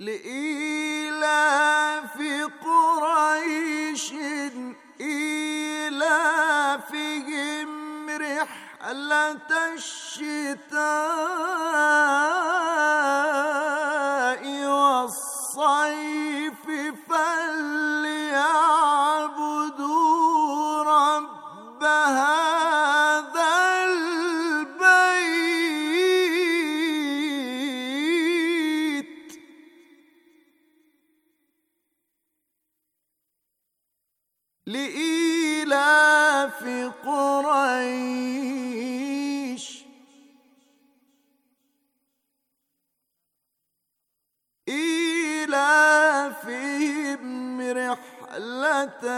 لإيلاف قريش إيلافهم رحلة الشتاء والصيف فليعلم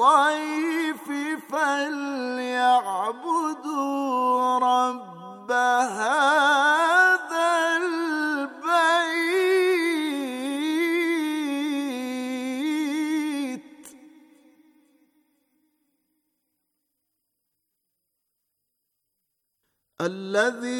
الصيف فليعبدوا رب هذا البيت الذي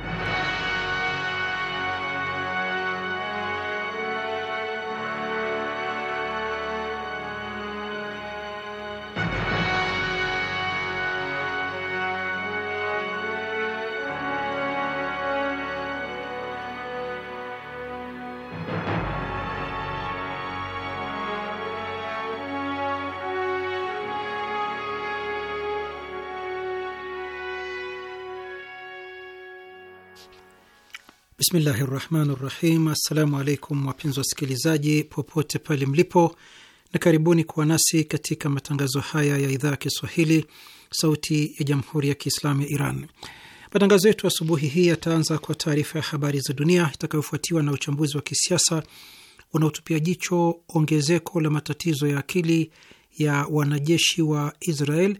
Bismillahi rahmani rahim. Assalamu alaikum wapenzi wasikilizaji popote pale mlipo, na karibuni kuwa nasi katika matangazo haya ya idhaa ya Kiswahili sauti ya jamhuri ya Kiislamu ya Iran. Matangazo yetu asubuhi hii yataanza kwa taarifa ya habari za dunia itakayofuatiwa na uchambuzi wa kisiasa unaotupia jicho ongezeko la matatizo ya akili ya wanajeshi wa Israel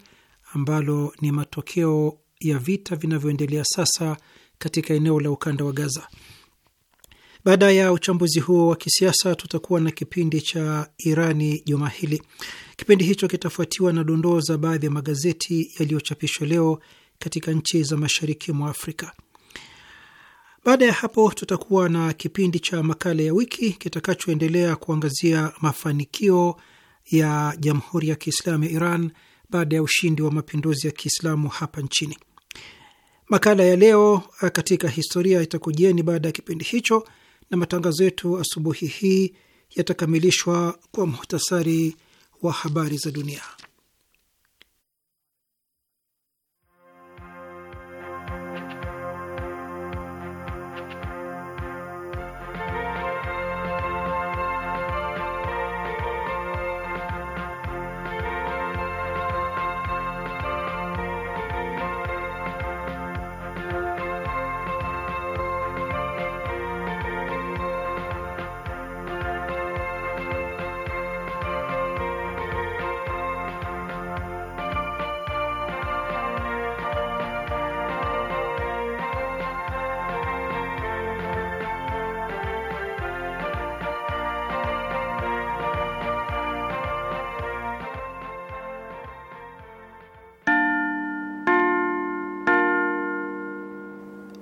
ambalo ni matokeo ya vita vinavyoendelea sasa katika eneo la ukanda wa Gaza. Baada ya uchambuzi huo wa kisiasa, tutakuwa na kipindi cha Irani juma hili. Kipindi hicho kitafuatiwa na dondoo za baadhi ya magazeti yaliyochapishwa leo katika nchi za mashariki mwa Afrika. Baada ya hapo, tutakuwa na kipindi cha makala ya wiki kitakachoendelea kuangazia mafanikio ya Jamhuri ya Kiislamu ya Iran baada ya ushindi wa mapinduzi ya Kiislamu hapa nchini. Makala ya leo eh, katika historia itakujieni baada ya kipindi hicho, na matangazo yetu asubuhi hii yatakamilishwa kwa muhtasari wa habari za dunia.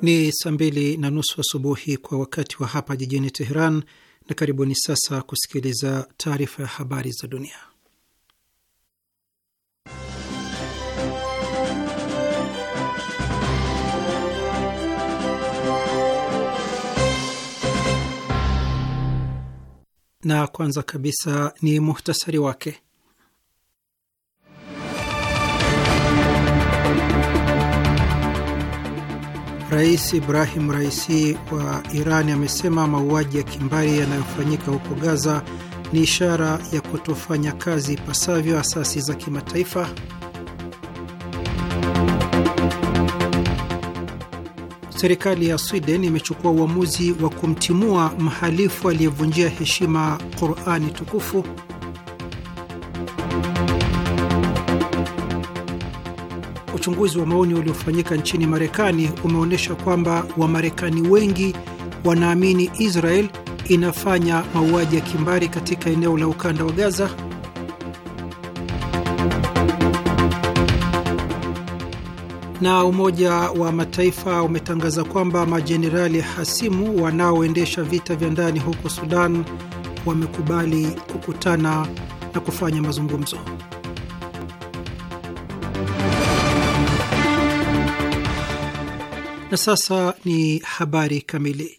Ni saa mbili na nusu asubuhi wa kwa wakati wa hapa jijini Teheran, na karibuni sasa kusikiliza taarifa ya habari za dunia. Na kwanza kabisa ni muhtasari wake. Rais Ibrahim Raisi wa Iran amesema mauaji ya kimbari yanayofanyika huko Gaza ni ishara ya kutofanya kazi ipasavyo asasi za kimataifa. Serikali ya Sweden imechukua uamuzi wa kumtimua mhalifu aliyevunjia heshima Qurani tukufu. uchunguzi wa maoni uliofanyika nchini Marekani umeonyesha kwamba Wamarekani wengi wanaamini Israel inafanya mauaji ya kimbari katika eneo la ukanda wa Gaza. Na Umoja wa Mataifa umetangaza kwamba majenerali hasimu wanaoendesha vita vya ndani huko Sudan wamekubali kukutana na kufanya mazungumzo. Na sasa ni habari kamili.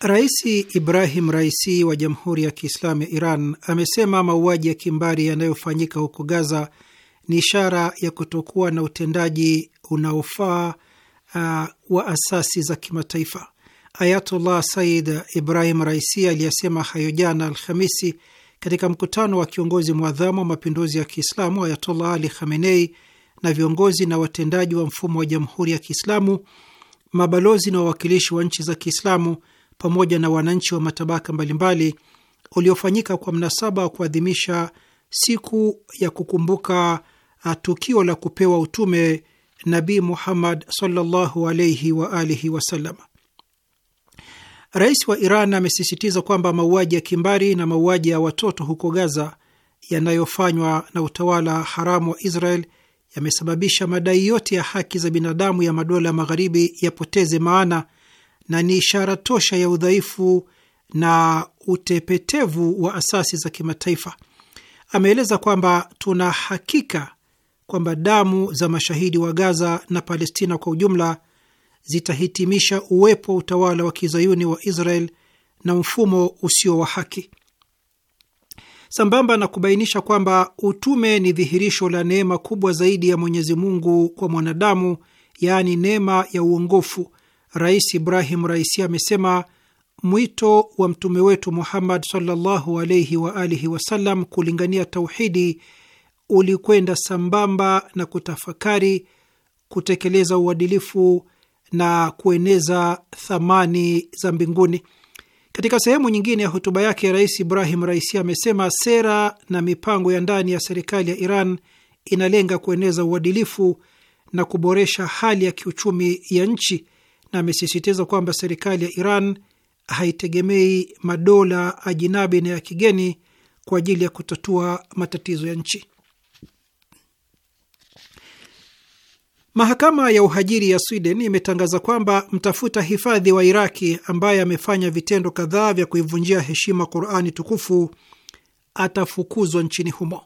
Rais Ibrahim Raisi wa Jamhuri ya Kiislamu ya Iran amesema mauaji ya kimbari yanayofanyika huko Gaza ni ishara ya kutokuwa na utendaji unaofaa uh, wa asasi za kimataifa. Ayatullah Said Ibrahim Raisi aliyesema hayo jana Alhamisi katika mkutano wa kiongozi mwadhamu wa mapinduzi ya Kiislamu Ayatullah Ali Khamenei na viongozi na watendaji wa mfumo wa Jamhuri ya Kiislamu, mabalozi na wawakilishi wa nchi za Kiislamu pamoja na wananchi wa matabaka mbalimbali uliofanyika kwa mnasaba wa kuadhimisha siku ya kukumbuka uh, tukio la kupewa utume Nabii Muhammad sallallahu alaihi wa alihi wasallam. Rais wa Iran amesisitiza kwamba mauaji ya kimbari na mauaji ya watoto huko Gaza yanayofanywa na utawala haramu wa Israel yamesababisha madai yote ya haki za binadamu ya madola ya magharibi yapoteze maana na ni ishara tosha ya udhaifu na utepetevu wa asasi za kimataifa. Ameeleza kwamba tuna hakika kwamba damu za mashahidi wa Gaza na Palestina kwa ujumla zitahitimisha uwepo wa utawala wa kizayuni wa Israel na mfumo usio wa haki sambamba na kubainisha kwamba utume ni dhihirisho la neema kubwa zaidi ya Mwenyezi Mungu kwa mwanadamu, yaani neema ya uongofu. Rais Ibrahim Raisi amesema mwito wa mtume wetu Muhammad sallallahu alaihi wa alihi wasallam kulingania tauhidi ulikwenda sambamba na kutafakari, kutekeleza uadilifu na kueneza thamani za mbinguni. Katika sehemu nyingine ya hotuba yake, Rais Ibrahim Raisi amesema sera na mipango ya ndani ya serikali ya Iran inalenga kueneza uadilifu na kuboresha hali ya kiuchumi ya nchi, na amesisitiza kwamba serikali ya Iran haitegemei madola ajinabi na ya kigeni kwa ajili ya kutatua matatizo ya nchi. Mahakama ya uhajiri ya Sweden imetangaza kwamba mtafuta hifadhi wa Iraki ambaye amefanya vitendo kadhaa vya kuivunjia heshima Qurani tukufu atafukuzwa nchini humo.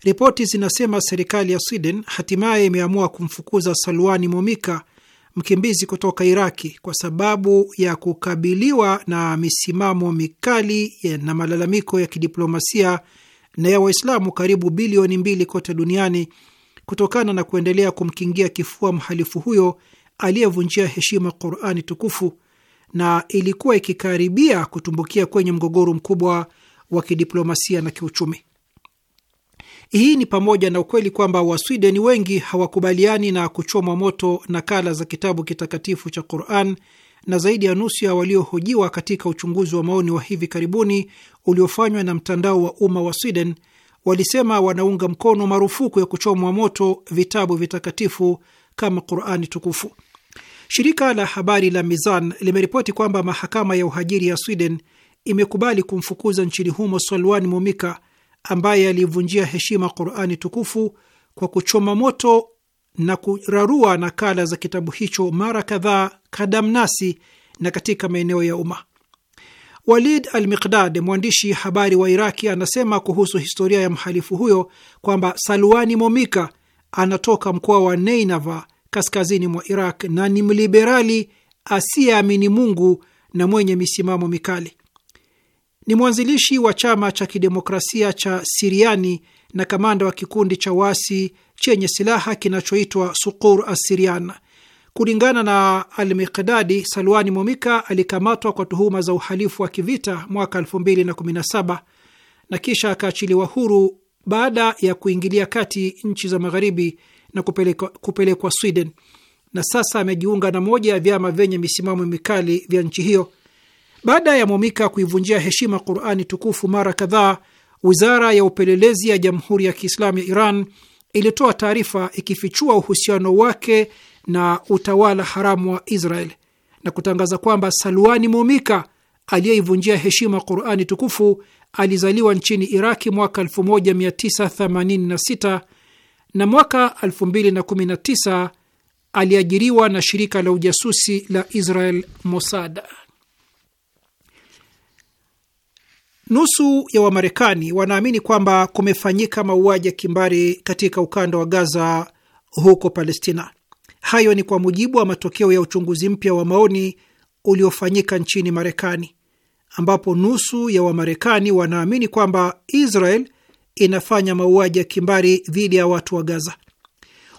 Ripoti zinasema serikali ya Sweden hatimaye imeamua kumfukuza Salwani Momika, mkimbizi kutoka Iraki, kwa sababu ya kukabiliwa na misimamo mikali na malalamiko ya kidiplomasia na ya Waislamu karibu bilioni mbili kote duniani kutokana na kuendelea kumkingia kifua mhalifu huyo aliyevunjia heshima Qurani tukufu na ilikuwa ikikaribia kutumbukia kwenye mgogoro mkubwa wa kidiplomasia na kiuchumi. Hii ni pamoja na ukweli kwamba Wasweden wengi hawakubaliani na kuchomwa moto nakala za kitabu kitakatifu cha Quran na zaidi ya nusu ya waliohojiwa katika uchunguzi wa maoni wa hivi karibuni uliofanywa na mtandao wa umma wa Sweden walisema wanaunga mkono marufuku ya kuchomwa moto vitabu vitakatifu kama Qurani tukufu. Shirika la habari la Mizan limeripoti kwamba mahakama ya uhajiri ya Sweden imekubali kumfukuza nchini humo Salwan Momika ambaye alivunjia heshima Qurani tukufu kwa kuchoma moto na kurarua nakala za kitabu hicho mara kadhaa kadamnasi na katika maeneo ya umma. Walid Al-Miqdad, mwandishi habari wa Iraki, anasema kuhusu historia ya mhalifu huyo kwamba Salwani Momika anatoka mkoa wa Neinava kaskazini mwa Iraq na ni mliberali asiyeamini Mungu na mwenye misimamo mikali. Ni mwanzilishi wa chama cha kidemokrasia cha Siriani na kamanda wa kikundi cha wasi chenye silaha kinachoitwa Suqur as Kulingana na Almiqdadi, Salwani Momika alikamatwa kwa tuhuma za uhalifu wa kivita mwaka 2017 na kisha akaachiliwa huru baada ya kuingilia kati nchi za magharibi na kupelekwa, kupelekwa Sweden na sasa amejiunga na moja ya vyama vyenye misimamo mikali vya nchi hiyo. Baada ya Momika kuivunjia heshima Qurani tukufu mara kadhaa, wizara ya upelelezi ya Jamhuri ya Kiislamu ya Iran ilitoa taarifa ikifichua uhusiano wake na utawala haramu wa Israel na kutangaza kwamba Salwani Momika aliyeivunjia heshima Qurani tukufu alizaliwa nchini Iraki mwaka 1986 na mwaka 2019 aliajiriwa na shirika la ujasusi la Israel Mossad. Nusu ya Wamarekani wanaamini kwamba kumefanyika mauaji ya kimbari katika ukanda wa Gaza huko Palestina. Hayo ni kwa mujibu wa matokeo ya uchunguzi mpya wa maoni uliofanyika nchini Marekani, ambapo nusu ya Wamarekani wanaamini kwamba Israel inafanya mauaji ya kimbari dhidi ya watu wa Gaza.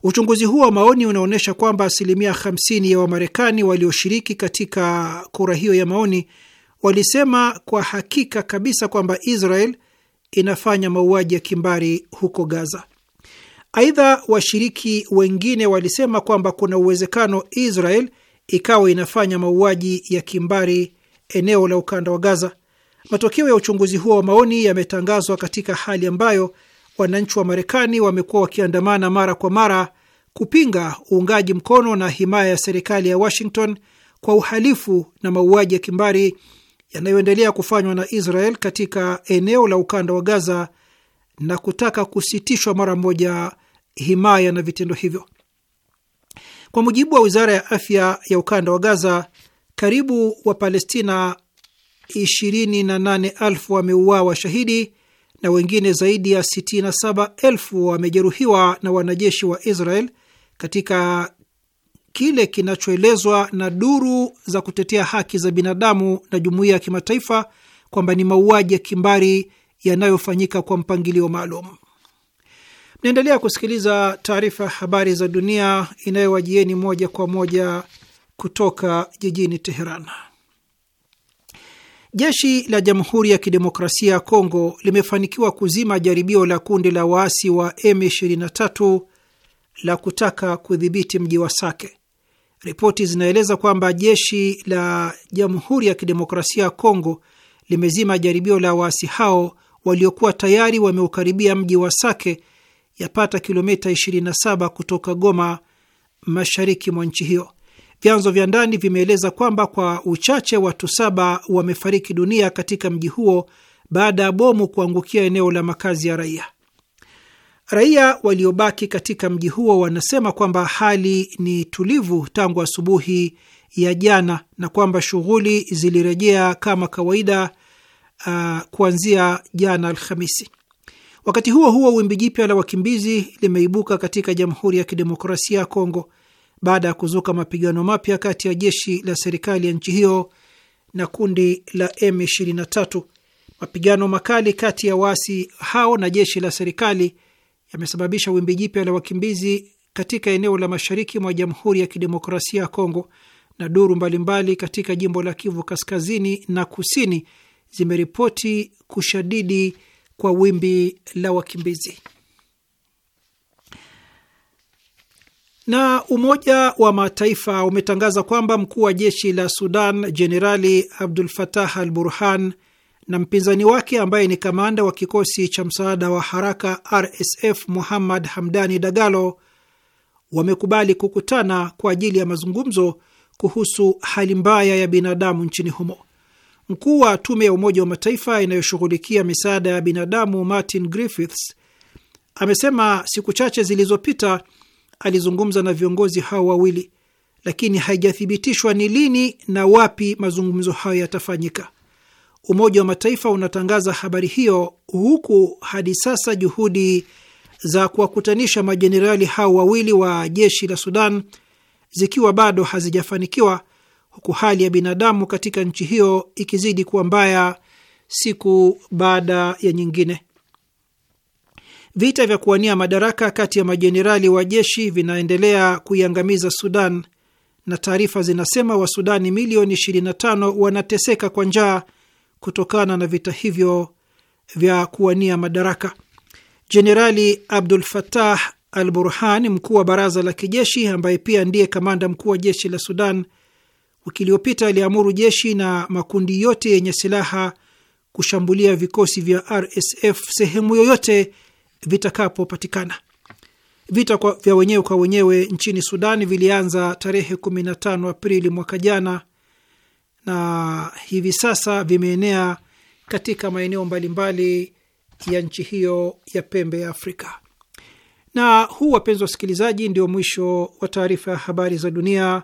Uchunguzi huo wa maoni unaonyesha kwamba asilimia 50 ya Wamarekani walioshiriki katika kura hiyo ya maoni walisema kwa hakika kabisa kwamba Israel inafanya mauaji ya kimbari huko Gaza. Aidha, washiriki wengine walisema kwamba kuna uwezekano Israel ikawa inafanya mauaji ya kimbari eneo la ukanda wa Gaza. Matokeo ya uchunguzi huo wa maoni yametangazwa katika hali ambayo wananchi wa Marekani wamekuwa wakiandamana mara kwa mara kupinga uungaji mkono na himaya ya serikali ya Washington kwa uhalifu na mauaji ya kimbari yanayoendelea kufanywa na Israel katika eneo la ukanda wa Gaza na kutaka kusitishwa mara moja himaya na vitendo hivyo. Kwa mujibu wa wizara ya afya ya ukanda wa Gaza, karibu Wapalestina 28,000 wameuawa shahidi na wengine zaidi ya 67,000 wamejeruhiwa na wanajeshi wa Israel katika kile kinachoelezwa na duru za kutetea haki za binadamu na jumuiya ya kimataifa kwamba ni mauaji ya kimbari yanayofanyika kwa mpangilio maalum naendelea kusikiliza taarifa ya habari za dunia inayowajieni moja kwa moja kutoka jijini Teheran. Jeshi la Jamhuri ya Kidemokrasia ya Kongo limefanikiwa kuzima jaribio la kundi la waasi wa M23 la kutaka kudhibiti mji wa Sake. Ripoti zinaeleza kwamba jeshi la Jamhuri ya Kidemokrasia ya Kongo limezima jaribio la waasi hao waliokuwa tayari wameukaribia mji wa Sake yapata kilomita 27 kutoka Goma, mashariki mwa nchi hiyo. Vyanzo vya ndani vimeeleza kwamba kwa uchache watu saba wamefariki dunia katika mji huo baada ya bomu kuangukia eneo la makazi ya raia. Raia waliobaki katika mji huo wanasema kwamba hali ni tulivu tangu asubuhi ya jana na kwamba shughuli zilirejea kama kawaida uh, kuanzia jana Alhamisi. Wakati huo huo, wimbi jipya la wakimbizi limeibuka katika Jamhuri ya Kidemokrasia ya Kongo baada ya kuzuka mapigano mapya kati ya jeshi la serikali ya nchi hiyo na kundi la M23. Mapigano makali kati ya waasi hao na jeshi la serikali yamesababisha wimbi jipya la wakimbizi katika eneo la mashariki mwa Jamhuri ya Kidemokrasia ya Kongo, na duru mbalimbali katika jimbo la Kivu Kaskazini na Kusini zimeripoti kushadidi kwa wimbi la wakimbizi. Na Umoja wa Mataifa umetangaza kwamba mkuu wa jeshi la Sudan Jenerali Abdul Fatah Al Burhan na mpinzani wake ambaye ni kamanda wa kikosi cha msaada wa haraka RSF Muhammad Hamdani Dagalo wamekubali kukutana kwa ajili ya mazungumzo kuhusu hali mbaya ya binadamu nchini humo. Mkuu wa tume ya Umoja wa Mataifa inayoshughulikia misaada ya binadamu Martin Griffiths amesema siku chache zilizopita alizungumza na viongozi hao wawili, lakini haijathibitishwa ni lini na wapi mazungumzo hayo yatafanyika. Umoja wa Mataifa unatangaza habari hiyo huku hadi sasa juhudi za kuwakutanisha majenerali hao wawili wa jeshi la Sudan zikiwa bado hazijafanikiwa huku hali ya binadamu katika nchi hiyo ikizidi kuwa mbaya siku baada ya nyingine. Vita vya kuwania madaraka kati ya majenerali wa jeshi vinaendelea kuiangamiza Sudan na taarifa zinasema Wasudani milioni 25 wanateseka kwa njaa kutokana na vita hivyo vya kuwania madaraka. Jenerali Abdul fatah al Burhan, mkuu wa baraza la kijeshi ambaye pia ndiye kamanda mkuu wa jeshi la Sudan, Wiki iliyopita aliamuru jeshi na makundi yote yenye silaha kushambulia vikosi vya RSF sehemu yoyote vitakapopatikana. Vita kwa, vya wenyewe kwa wenyewe nchini Sudan vilianza tarehe 15 Aprili mwaka jana na hivi sasa vimeenea katika maeneo mbalimbali ya nchi hiyo ya pembe ya Afrika. Na huu, wapenzi wasikilizaji, ndio mwisho wa taarifa ya habari za dunia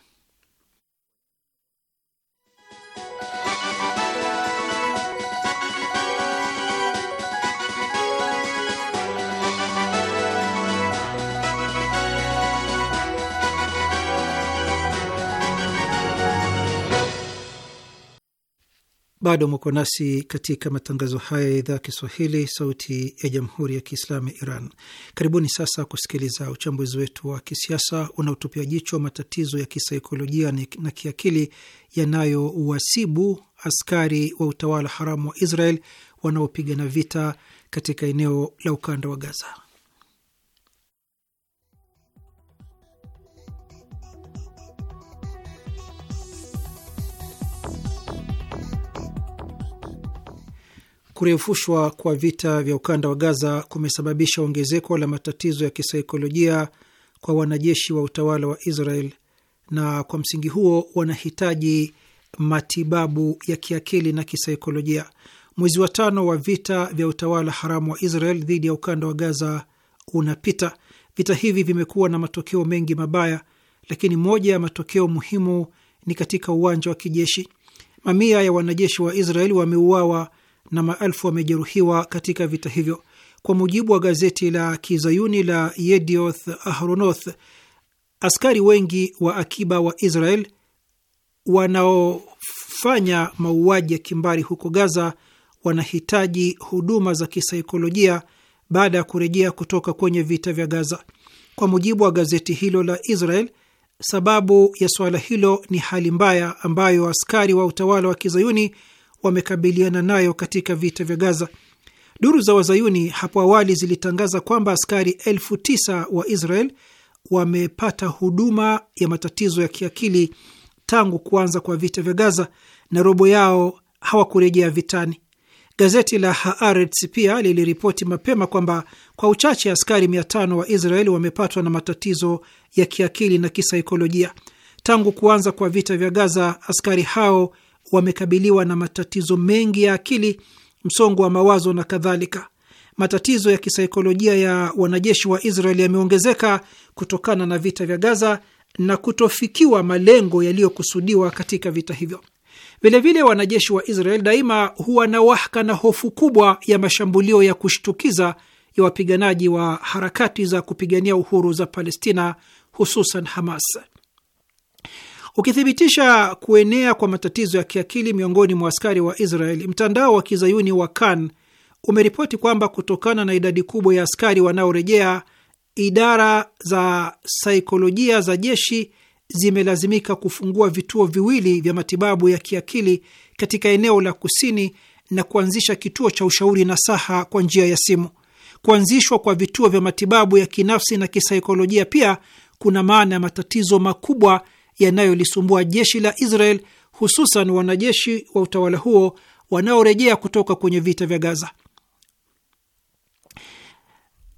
Bado mwako nasi katika matangazo haya ya idhaa Kiswahili, sauti ya jamhuri ya kiislamu ya Iran. Karibuni sasa kusikiliza uchambuzi wetu wa kisiasa unaotupia jicho matatizo ya kisaikolojia na kiakili yanayowasibu askari wa utawala haramu wa Israel wanaopigana vita katika eneo la ukanda wa Gaza. Kurefushwa kwa vita vya ukanda wa Gaza kumesababisha ongezeko la matatizo ya kisaikolojia kwa wanajeshi wa utawala wa Israel, na kwa msingi huo wanahitaji matibabu ya kiakili na kisaikolojia. Mwezi wa tano wa vita vya utawala haramu wa Israel dhidi ya ukanda wa Gaza unapita. Vita hivi vimekuwa na matokeo mengi mabaya, lakini moja ya matokeo muhimu ni katika uwanja wa kijeshi. Mamia ya wanajeshi wa Israel wameuawa na maelfu wamejeruhiwa katika vita hivyo. Kwa mujibu wa gazeti la kizayuni la Yedioth Ahronoth, askari wengi wa akiba wa Israel wanaofanya mauaji ya kimbari huko Gaza wanahitaji huduma za kisaikolojia baada ya kurejea kutoka kwenye vita vya Gaza. Kwa mujibu wa gazeti hilo la Israel, sababu ya suala hilo ni hali mbaya ambayo askari wa utawala wa kizayuni wamekabiliana nayo katika vita vya Gaza. Duru za wazayuni hapo awali zilitangaza kwamba askari elfu tisa wa Israel wamepata huduma ya matatizo ya kiakili tangu kuanza kwa vita vya Gaza na robo yao hawakurejea vitani. Gazeti la Haaretz pia liliripoti mapema kwamba kwa uchache askari mia tano wa Israel wamepatwa na matatizo ya kiakili na kisaikolojia tangu kuanza kwa vita vya Gaza. Askari hao wamekabiliwa na matatizo mengi ya akili, msongo wa mawazo na kadhalika. Matatizo ya kisaikolojia ya wanajeshi wa Israel yameongezeka kutokana na vita vya Gaza na kutofikiwa malengo yaliyokusudiwa katika vita hivyo. Vilevile, wanajeshi wa Israel daima huwa na wahaka na hofu kubwa ya mashambulio ya kushtukiza ya wapiganaji wa harakati za kupigania uhuru za Palestina, hususan Hamas. Ukithibitisha kuenea kwa matatizo ya kiakili miongoni mwa askari wa Israel, mtandao wa kizayuni wa Kan umeripoti kwamba kutokana na idadi kubwa ya askari wanaorejea, idara za saikolojia za jeshi zimelazimika kufungua vituo viwili vya matibabu ya kiakili katika eneo la kusini na kuanzisha kituo cha ushauri na saha kwa njia ya simu. Kuanzishwa kwa vituo vya matibabu ya kinafsi na kisaikolojia pia kuna maana ya matatizo makubwa yanayolisumbua jeshi la Israel, hususan wanajeshi wa utawala huo wanaorejea kutoka kwenye vita vya Gaza.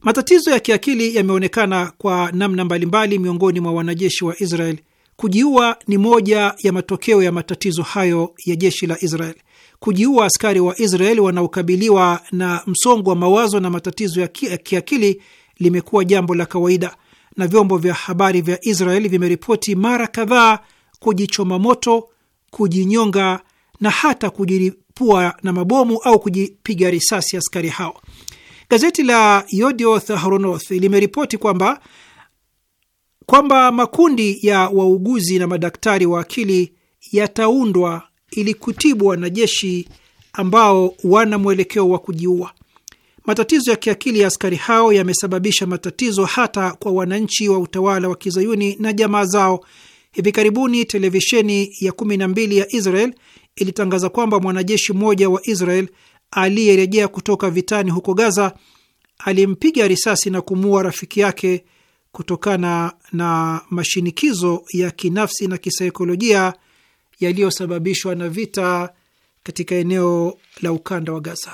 Matatizo ya kiakili yameonekana kwa namna mbalimbali miongoni mwa wanajeshi wa Israel. Kujiua ni moja ya matokeo ya matatizo hayo ya jeshi la Israel. Kujiua askari wa Israel wanaokabiliwa na msongo wa mawazo na matatizo ya kiakili limekuwa jambo la kawaida na vyombo vya habari vya Israeli vimeripoti mara kadhaa kujichoma moto, kujinyonga na hata kujiripua na mabomu au kujipiga risasi askari hao. Gazeti la Yedioth Ahronoth limeripoti kwamba kwamba makundi ya wauguzi na madaktari wa akili yataundwa ili kutibu wanajeshi ambao wana mwelekeo wa kujiua. Matatizo ya kiakili ya askari hao yamesababisha matatizo hata kwa wananchi wa utawala wa kizayuni na jamaa zao. Hivi karibuni televisheni ya kumi na mbili ya Israel ilitangaza kwamba mwanajeshi mmoja wa Israel aliyerejea kutoka vitani huko Gaza alimpiga risasi na kumuua rafiki yake kutokana na mashinikizo ya kinafsi na kisaikolojia yaliyosababishwa na vita katika eneo la ukanda wa Gaza.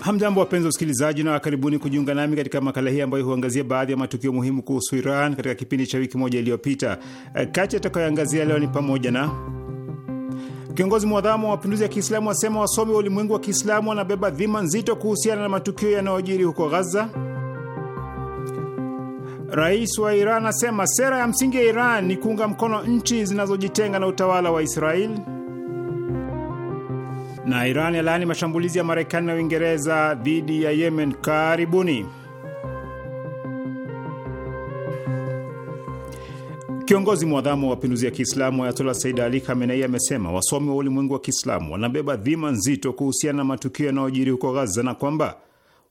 Hamjambo, wapenzi wa usikilizaji, na karibuni kujiunga nami katika makala hii ambayo huangazia baadhi ya matukio muhimu kuhusu Iran katika kipindi cha wiki moja iliyopita. Eh, kati atakayoangazia leo ni pamoja na kiongozi mwadhamu wa mapinduzi ya Kiislamu asema wasomi wa ulimwengu wa Kiislamu wanabeba dhima nzito kuhusiana na matukio yanayojiri huko Ghaza. Rais wa Iran asema sera ya msingi ya Iran ni kuunga mkono nchi zinazojitenga na utawala wa Israeli na Iran yalaani mashambulizi ya Marekani na Uingereza dhidi ya Yemen. Karibuni. Kiongozi mwadhamu wa mapinduzi ya Kiislamu Ayatola Said Ali Khamenei amesema wasomi wa ulimwengu wa Kiislamu wanabeba dhima nzito kuhusiana na matukio yanayojiri huko Ghaza na kwamba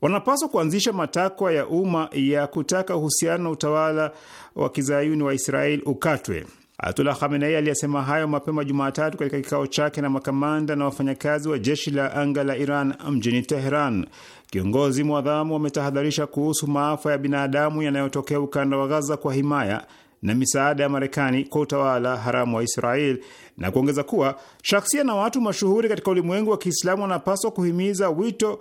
wanapaswa kuanzisha matakwa ya umma ya kutaka uhusiano na utawala wa kizayuni wa Israel ukatwe. Ayatullah Khamenei aliyesema hayo mapema Jumatatu katika kikao chake na makamanda na wafanyakazi wa jeshi la anga la Iran mjini Teheran. Kiongozi mwadhamu ametahadharisha kuhusu maafa ya binadamu yanayotokea ukanda wa Gaza kwa himaya na misaada ya Marekani kwa utawala haramu wa Israel na kuongeza kuwa shaksia na watu mashuhuri katika ulimwengu wa Kiislamu wanapaswa kuhimiza wito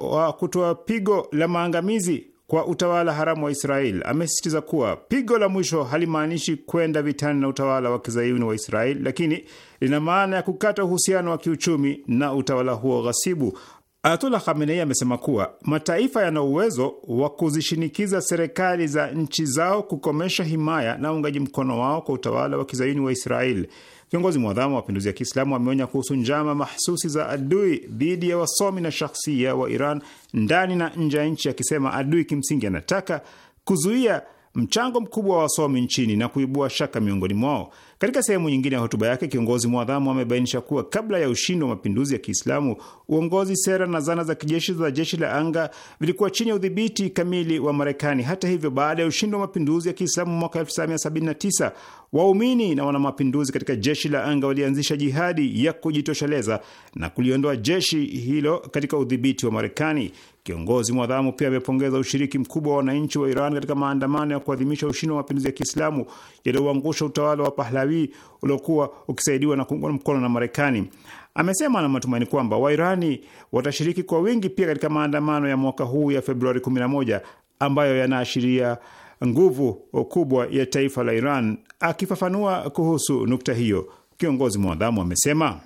wa kutoa pigo la maangamizi kwa utawala haramu wa Israel. Amesisitiza kuwa pigo la mwisho halimaanishi kwenda vitani na utawala wa kizayuni wa Israel, lakini lina maana ya kukata uhusiano wa kiuchumi na utawala huo ghasibu. Ayatullah Khamenei amesema kuwa mataifa yana uwezo wa kuzishinikiza serikali za nchi zao kukomesha himaya na uungaji mkono wao kwa utawala wa kizayuni wa israeli Kiongozi mwadhamu wa mapinduzi ya Kiislamu ameonya kuhusu njama mahsusi za adui dhidi ya wasomi na shakhsia wa Iran ndani na nje ya nchi, akisema adui kimsingi anataka kuzuia mchango mkubwa wa wasomi nchini na kuibua shaka miongoni mwao. Katika sehemu nyingine ya hotuba yake, kiongozi mwadhamu amebainisha kuwa kabla ya ushindi wa mapinduzi ya Kiislamu, uongozi, sera na zana za kijeshi za jeshi la anga vilikuwa chini ya udhibiti kamili wa Marekani. Hata hivyo, baada ya ushindi wa mapinduzi ya Kiislamu mwaka 1979 waumini na wanamapinduzi katika jeshi la anga walianzisha jihadi ya kujitosheleza na kuliondoa jeshi hilo katika udhibiti wa Marekani. Kiongozi mwadhamu pia amepongeza ushiriki mkubwa wa wananchi wa Iran katika maandamano ya kuadhimisha ushindi wa mapinduzi ya Kiislamu yaliyouangusha utawala wa Pahlavi uliokuwa ukisaidiwa na kuungwa mkono na Marekani. Amesema na matumaini kwamba Wairani watashiriki kwa wingi pia katika maandamano ya mwaka huu ya Februari 11 ambayo yanaashiria nguvu kubwa ya taifa la Iran. Akifafanua kuhusu nukta hiyo, kiongozi mwadhamu amesema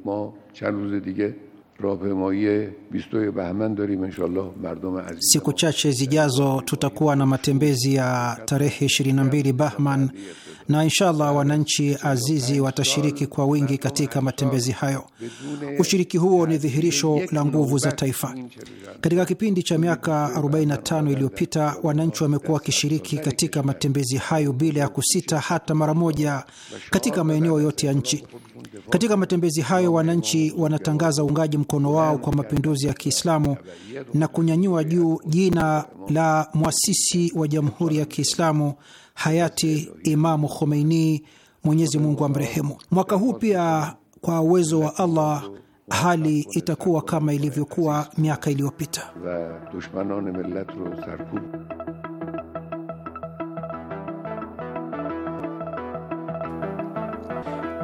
Siku chache zijazo tutakuwa na matembezi ya tarehe 22 Bahman na inshallah wananchi azizi watashiriki kwa wingi katika matembezi hayo. Ushiriki huo ni dhihirisho la nguvu za taifa. Katika kipindi cha miaka 45 iliyopita, wananchi wamekuwa wakishiriki katika matembezi hayo bila ya kusita hata mara moja katika maeneo yote ya nchi. Katika matembezi hayo, wananchi wanatangaza uungaji mkono wao kwa mapinduzi ya Kiislamu na kunyanyua juu jina la mwasisi wa Jamhuri ya Kiislamu hayati Imamu Khomeini, Mwenyezi Mungu amrehemu. Mwaka huu pia kwa uwezo wa Allah hali itakuwa kama ilivyokuwa miaka iliyopita.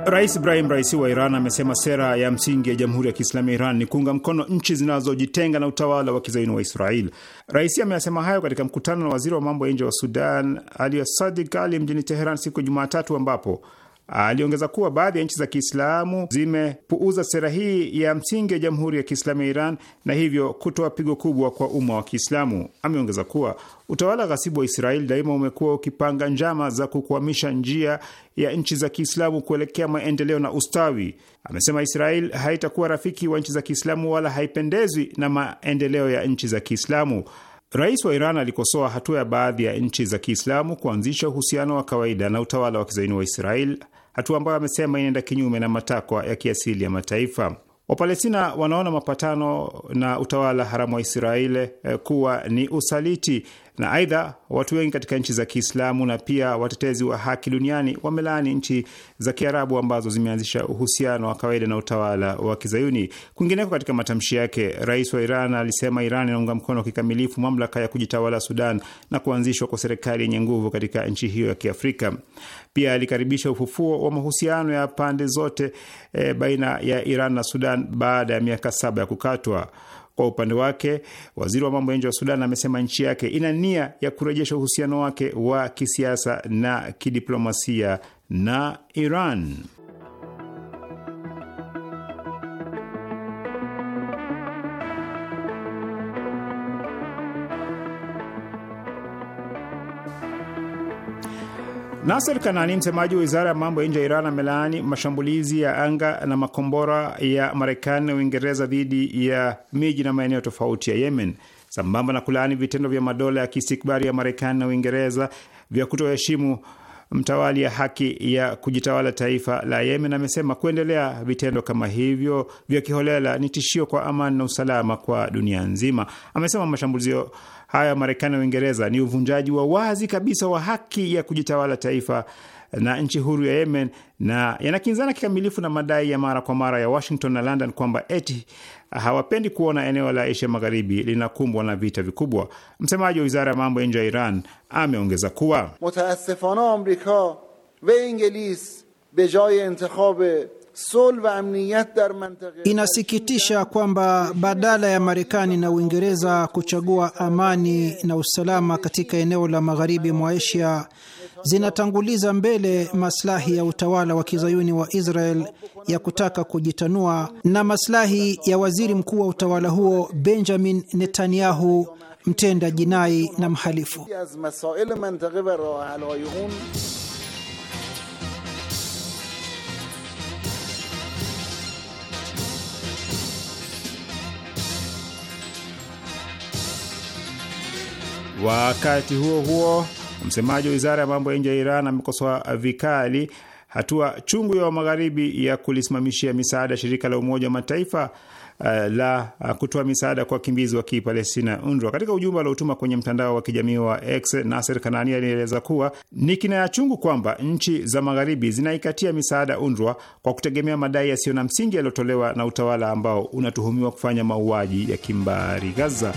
Rais Ibrahim Raisi wa Iran amesema sera ya msingi ya Jamhuri ya Kiislamu ya Iran ni kuunga mkono nchi zinazojitenga na utawala wa kizayuni wa Israel. Raisi ameyasema hayo katika mkutano na waziri wa mambo ya nje wa Sudan Ali Sadik Ali mjini Teheran siku ya Jumatatu ambapo Ah, aliongeza kuwa baadhi ya nchi za Kiislamu zimepuuza sera hii ya msingi ya Jamhuri ya Kiislamu ya Iran na hivyo kutoa pigo kubwa kwa umma wa Kiislamu. Ameongeza kuwa utawala ghasibu wa Israeli daima umekuwa ukipanga njama za kukwamisha njia ya nchi za Kiislamu kuelekea maendeleo na ustawi. Amesema Israeli haitakuwa rafiki wa nchi za Kiislamu wala haipendezwi na maendeleo ya nchi za Kiislamu. Rais wa Iran alikosoa hatua ya baadhi ya nchi za Kiislamu kuanzisha uhusiano wa kawaida na utawala wa kizaini wa Israel hatua ambayo amesema inaenda kinyume na matakwa ya kiasili ya mataifa. Wapalestina wanaona mapatano na utawala haramu wa Israeli eh, kuwa ni usaliti. Na aidha, watu wengi katika nchi za Kiislamu na pia watetezi wa haki duniani wamelaani nchi za Kiarabu ambazo zimeanzisha uhusiano wa kawaida na utawala wa Kizayuni. Kwingineko, katika matamshi yake, rais wa Iran alisema Iran inaunga mkono kikamilifu mamlaka ya kujitawala Sudan na kuanzishwa kwa serikali yenye nguvu katika nchi hiyo ya Kiafrika. Pia alikaribisha ufufuo wa mahusiano ya pande zote e, baina ya Iran na Sudan baada ya miaka saba ya kukatwa. Kwa upande wake waziri wa mambo ya nje wa Sudan amesema nchi yake ina nia ya kurejesha uhusiano wake wa kisiasa na kidiplomasia na Iran. Nasser Kanani, msemaji wa wizara ya mambo ya nje ya Iran, amelaani mashambulizi ya anga na makombora ya Marekani na Uingereza dhidi ya miji na maeneo tofauti ya Yemen, sambamba na kulaani vitendo vya madola ya kiistikbari ya Marekani na Uingereza vya kutoheshimu mtawali ya haki ya kujitawala taifa la Yemen. Amesema kuendelea vitendo kama hivyo vya kiholela ni tishio kwa amani na usalama kwa dunia nzima. Amesema mashambulizi hayo ya Marekani na Uingereza ni uvunjaji wa wazi kabisa wa haki ya kujitawala taifa na nchi huru ya Yemen na yanakinzana kikamilifu na madai ya mara kwa mara ya Washington na London kwamba eti hawapendi kuona eneo la Asia Magharibi linakumbwa na vita vikubwa. Msemaji wa wizara ya mambo ya nje ya Iran ameongeza kuwa mutaasifana Amerika wa Ingelis bejaye intikhab Inasikitisha kwamba badala ya Marekani na Uingereza kuchagua amani na usalama katika eneo la magharibi mwa Asia zinatanguliza mbele maslahi ya utawala wa kizayuni wa Israel ya kutaka kujitanua na maslahi ya waziri mkuu wa utawala huo Benjamin Netanyahu, mtenda jinai na mhalifu. Wakati huo huo, msemaji wa wizara ya mambo ya nje ya Iran amekosoa vikali hatua chungu ya magharibi ya kulisimamishia misaada shirika la Umoja wa Mataifa uh, la uh, kutoa misaada kwa wakimbizi wa Kipalestina UNRWA. Katika ujumbe aliotuma kwenye mtandao wa kijamii wa X, Nasser Kanani alieleza kuwa ni kina ya chungu kwamba nchi za magharibi zinaikatia misaada UNRWA kwa kutegemea madai yasiyo na msingi yaliyotolewa na utawala ambao unatuhumiwa kufanya mauaji ya kimbari Gaza.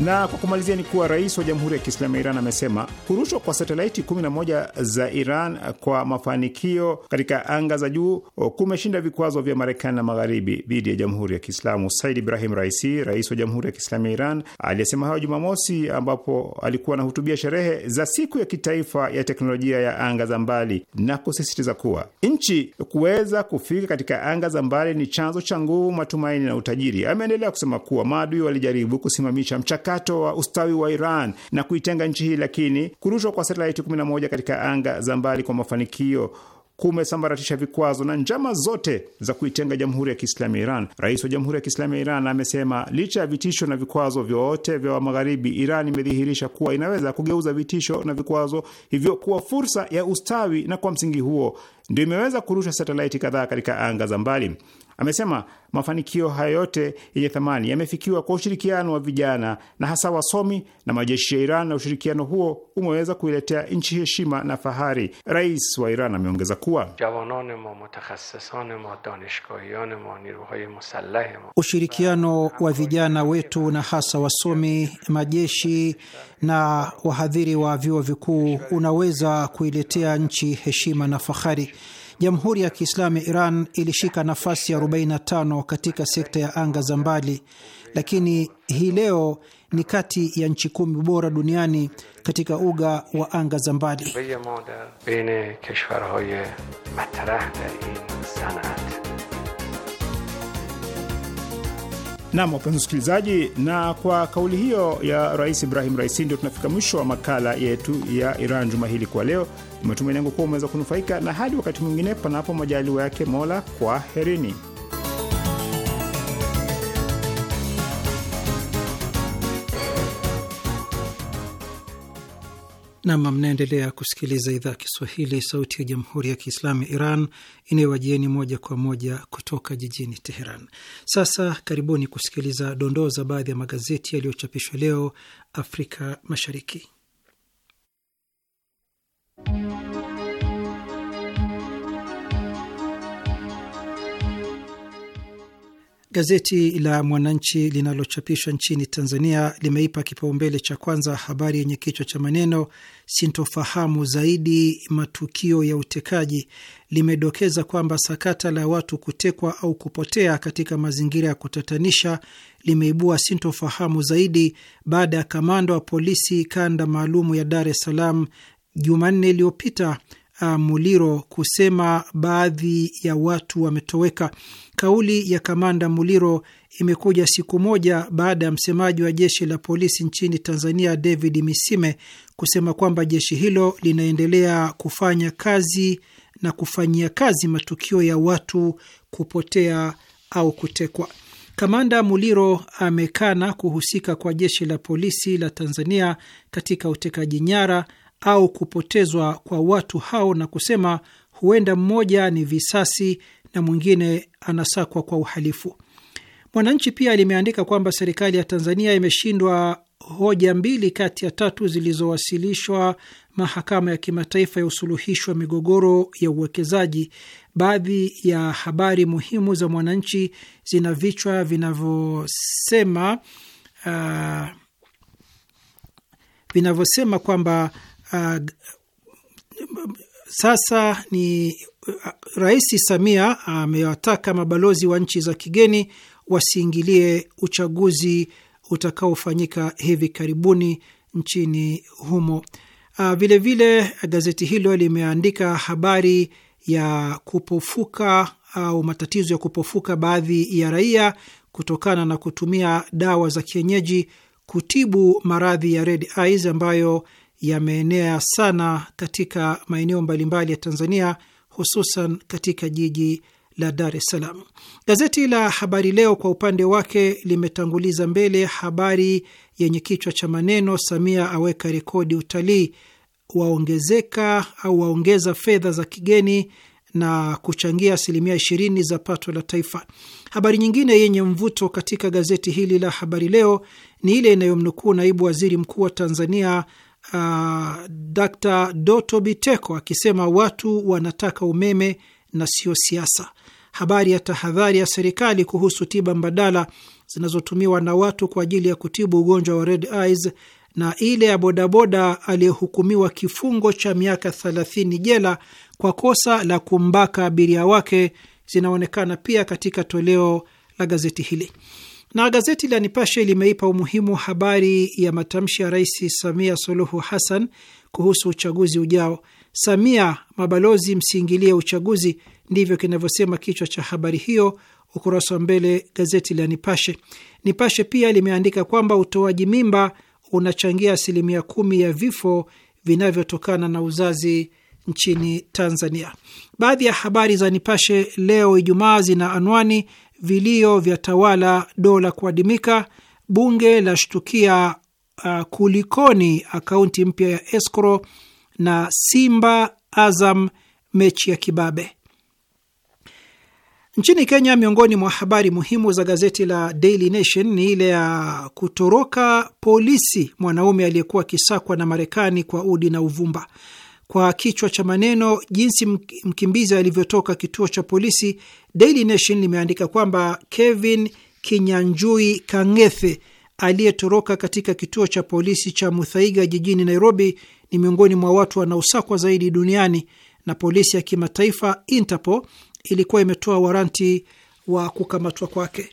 Na kwa kumalizia ni kuwa rais wa Jamhuri ya Kiislamu ya Iran amesema kurushwa kwa satelaiti 11 za Iran kwa mafanikio katika anga za juu kumeshinda vikwazo vya Marekani na Magharibi dhidi ya Jamhuri ya Kiislamu. Said Ibrahim Raisi, rais wa Jamhuri ya Kiislamu ya Iran, aliyesema hayo Jumamosi ambapo alikuwa anahutubia sherehe za siku ya kitaifa ya teknolojia ya anga za mbali na kusisitiza kuwa nchi kuweza kufika katika anga za mbali ni chanzo cha nguvu, matumaini na utajiri. Ameendelea kusema kuwa maadui walijaribu kusimamisha mchakato mchakato wa ustawi wa Iran na kuitenga nchi hii, lakini kurushwa kwa satelaiti 11 katika anga za mbali kwa mafanikio kumesambaratisha vikwazo na njama zote za kuitenga Jamhuri ya Kiislamu ya Iran. Rais wa Jamhuri ya Kiislamu ya Iran amesema licha ya vitisho na vikwazo vyote vya Magharibi, Iran imedhihirisha kuwa inaweza kugeuza vitisho na vikwazo hivyo kuwa fursa ya ustawi, na kwa msingi huo ndio imeweza kurusha satelaiti kadhaa katika anga za mbali. Amesema mafanikio hayo yote yenye thamani yamefikiwa kwa ushirikiano wa vijana na hasa wasomi na majeshi ya Iran, na ushirikiano huo umeweza kuiletea nchi heshima na fahari. Rais wa Iran ameongeza kuwa ushirikiano wa vijana wetu na hasa wasomi, majeshi na wahadhiri wa vyuo vikuu unaweza kuiletea nchi heshima na fahari. Jamhuri ya Kiislamu ya Iran ilishika nafasi ya 45 katika sekta ya anga za mbali, lakini hii leo ni kati ya nchi kumi bora duniani katika uga wa anga za mbali. Nam, wapenzi usikilizaji na kwa kauli hiyo ya Rais Ibrahim Raisi ndio tunafika mwisho wa makala yetu ya Iran juma hili kwa leo. Matumaini yangu kuwa umeweza kunufaika, na hadi wakati mwingine, panapo majaliwa yake Mola, kwa herini. Nam, mnaendelea kusikiliza idhaa ya Kiswahili, sauti ya jamhuri ya kiislamu ya Iran inayowajieni moja kwa moja kutoka jijini Teheran. Sasa karibuni kusikiliza dondoo za baadhi ya magazeti yaliyochapishwa leo Afrika Mashariki. Gazeti la Mwananchi linalochapishwa nchini Tanzania limeipa kipaumbele cha kwanza habari yenye kichwa cha maneno sintofahamu zaidi matukio ya utekaji. Limedokeza kwamba sakata la watu kutekwa au kupotea katika mazingira ya kutatanisha limeibua sintofahamu zaidi baada ya kamanda wa polisi kanda maalumu ya Dar es Salaam Jumanne iliyopita ah, Muliro kusema baadhi ya watu wametoweka Kauli ya kamanda Muliro imekuja siku moja baada ya msemaji wa jeshi la polisi nchini Tanzania David Misime kusema kwamba jeshi hilo linaendelea kufanya kazi na kufanyia kazi matukio ya watu kupotea au kutekwa. Kamanda Muliro amekana kuhusika kwa jeshi la polisi la Tanzania katika utekaji nyara au kupotezwa kwa watu hao na kusema huenda mmoja ni visasi na mwingine anasakwa kwa uhalifu. Mwananchi pia limeandika kwamba serikali ya Tanzania imeshindwa hoja mbili kati ya tatu zilizowasilishwa mahakama ya kimataifa ya usuluhishi wa migogoro ya uwekezaji. Baadhi ya habari muhimu za Mwananchi zina vichwa vinavyosema uh, vinavyosema kwamba uh, sasa ni Rais Samia amewataka mabalozi wa nchi za kigeni wasiingilie uchaguzi utakaofanyika hivi karibuni nchini humo. Vilevile ah, vile, gazeti hilo limeandika habari ya kupofuka au matatizo ya kupofuka baadhi ya raia kutokana na kutumia dawa za kienyeji kutibu maradhi ya red eyes ambayo yameenea sana katika maeneo mbalimbali ya Tanzania hususan katika jiji la Dar es Salaam. Gazeti la Habari Leo kwa upande wake limetanguliza mbele habari yenye kichwa cha maneno Samia aweka rekodi utalii, waongezeka au waongeza fedha za kigeni na kuchangia asilimia ishirini za pato la taifa. Habari nyingine yenye mvuto katika gazeti hili la Habari Leo ni ile inayomnukuu naibu waziri mkuu wa Tanzania uh, Dr. Doto Biteko akisema watu wanataka umeme na sio siasa. Habari ya tahadhari ya serikali kuhusu tiba mbadala zinazotumiwa na watu kwa ajili ya kutibu ugonjwa wa red eyes na ile ya bodaboda aliyehukumiwa kifungo cha miaka 30 jela kwa kosa la kumbaka abiria wake zinaonekana pia katika toleo la gazeti hili. Na gazeti la Nipashe limeipa umuhimu habari ya matamshi ya Rais Samia Suluhu Hassan kuhusu uchaguzi ujao. Samia, mabalozi msiingilie uchaguzi, ndivyo kinavyosema kichwa cha habari hiyo, ukurasa wa mbele gazeti la Nipashe. Nipashe pia limeandika kwamba utoaji mimba unachangia asilimia kumi ya vifo vinavyotokana na uzazi nchini Tanzania. Baadhi ya habari za Nipashe leo Ijumaa zina anwani vilio vya tawala dola kuadimika, bunge lashtukia uh, kulikoni akaunti mpya ya escrow, na Simba Azam mechi ya kibabe. Nchini Kenya, miongoni mwa habari muhimu za gazeti la Daily Nation ni ile ya kutoroka polisi mwanaume aliyekuwa akisakwa na Marekani kwa udi na uvumba kwa kichwa cha maneno jinsi mkimbizi alivyotoka kituo cha polisi, Daily Nation limeandika kwamba Kevin Kinyanjui Kang'ethe aliyetoroka katika kituo cha polisi cha Muthaiga jijini Nairobi ni miongoni mwa watu wanaosakwa zaidi duniani na polisi ya kimataifa Interpol ilikuwa imetoa waranti wa kukamatwa kwake.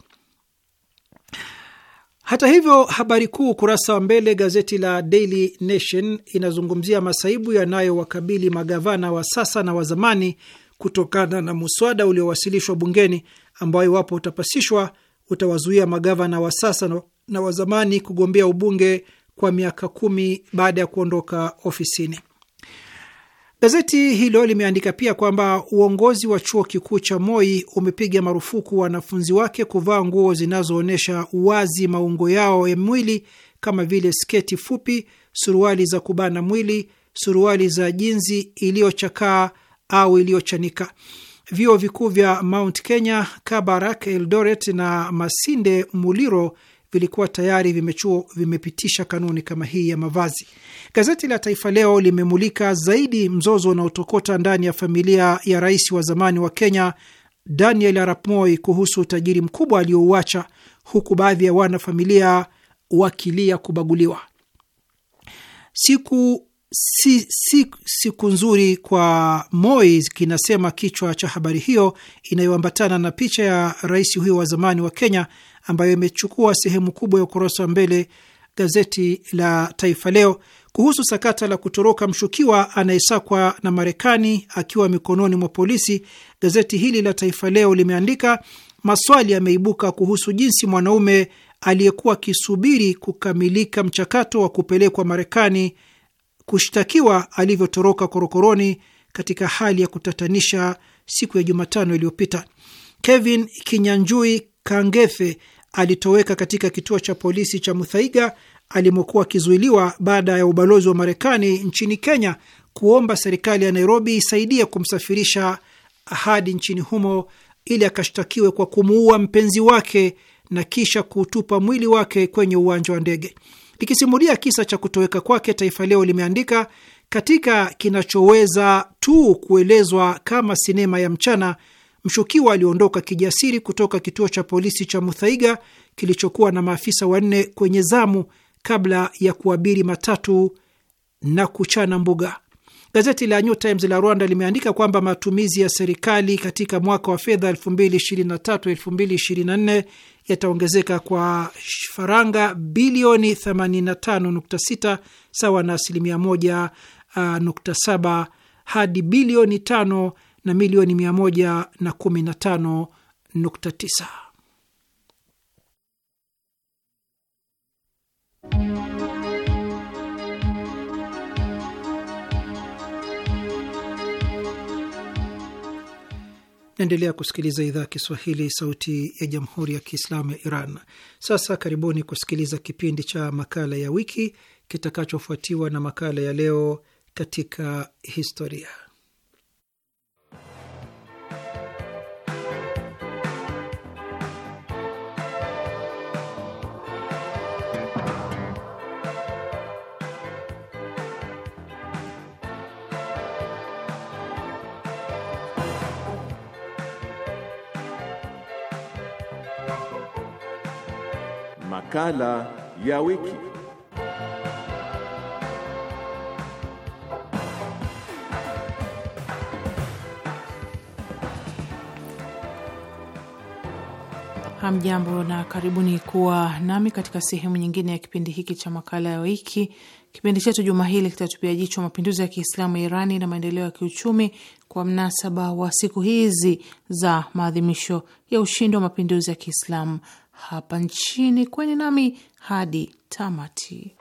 Hata hivyo, habari kuu ukurasa wa mbele gazeti la Daily Nation inazungumzia masaibu yanayowakabili magavana wa sasa na wa zamani kutokana na muswada uliowasilishwa bungeni ambao iwapo utapasishwa utawazuia magavana wa sasa na wa zamani kugombea ubunge kwa miaka kumi baada ya kuondoka ofisini. Gazeti hilo limeandika pia kwamba uongozi wa chuo kikuu cha Moi umepiga marufuku wanafunzi wake kuvaa nguo zinazoonyesha wazi maungo yao ya mwili kama vile sketi fupi, suruali za kubana mwili, suruali za jinzi iliyochakaa au iliyochanika. Vyuo vikuu vya Mount Kenya, Kabarak, Eldoret na Masinde Muliro vilikuwa tayari vimechuo vimepitisha kanuni kama hii ya mavazi. Gazeti la Taifa Leo limemulika zaidi mzozo unaotokota ndani ya familia ya rais wa zamani wa Kenya Daniel Arap Moi kuhusu utajiri mkubwa aliouacha, huku baadhi ya wanafamilia wakilia kubaguliwa. Siku si, si, siku nzuri kwa Moi kinasema kichwa cha habari hiyo inayoambatana na picha ya rais huyo wa zamani wa Kenya ambayo imechukua sehemu kubwa ya ukurasa wa mbele gazeti la Taifa Leo kuhusu sakata la kutoroka mshukiwa anayesakwa na Marekani akiwa mikononi mwa polisi. Gazeti hili la Taifa Leo limeandika maswali yameibuka kuhusu jinsi mwanaume aliyekuwa akisubiri kukamilika mchakato wa kupelekwa Marekani kushtakiwa alivyotoroka korokoroni katika hali ya kutatanisha siku ya Jumatano iliyopita. Kevin Kinyanjui Kangethe alitoweka katika kituo cha polisi cha Muthaiga alimokuwa akizuiliwa baada ya ubalozi wa Marekani nchini Kenya kuomba serikali ya Nairobi isaidie kumsafirisha hadi nchini humo ili akashtakiwe kwa kumuua mpenzi wake na kisha kuutupa mwili wake kwenye uwanja wa ndege. Likisimulia kisa cha kutoweka kwake, Taifa Leo limeandika katika kinachoweza tu kuelezwa kama sinema ya mchana Mshukiwa aliondoka kijasiri kutoka kituo cha polisi cha Muthaiga kilichokuwa na maafisa wanne kwenye zamu kabla ya kuabiri matatu na kuchana mbuga. Gazeti la New Times la Rwanda limeandika kwamba matumizi ya serikali katika mwaka wa fedha 2023/2024 yataongezeka kwa faranga bilioni 85.6 sawa na asilimia 1.7 uh, hadi bilioni 5 na milioni 115.9. Naendelea kusikiliza idhaa ya Kiswahili, sauti ya jamhuri ya kiislamu ya Iran. Sasa karibuni kusikiliza kipindi cha makala ya wiki kitakachofuatiwa na makala ya leo katika historia. makala ya wiki. Hamjambo na karibuni kuwa nami katika sehemu nyingine ya kipindi hiki cha makala ya wiki. Kipindi chetu juma hili kitatupia jicho mapinduzi ya Kiislamu ya Irani na maendeleo ya kiuchumi kwa mnasaba wa siku hizi za maadhimisho ya ushindi wa mapinduzi ya Kiislamu hapa nchini. Kweni nami hadi tamati.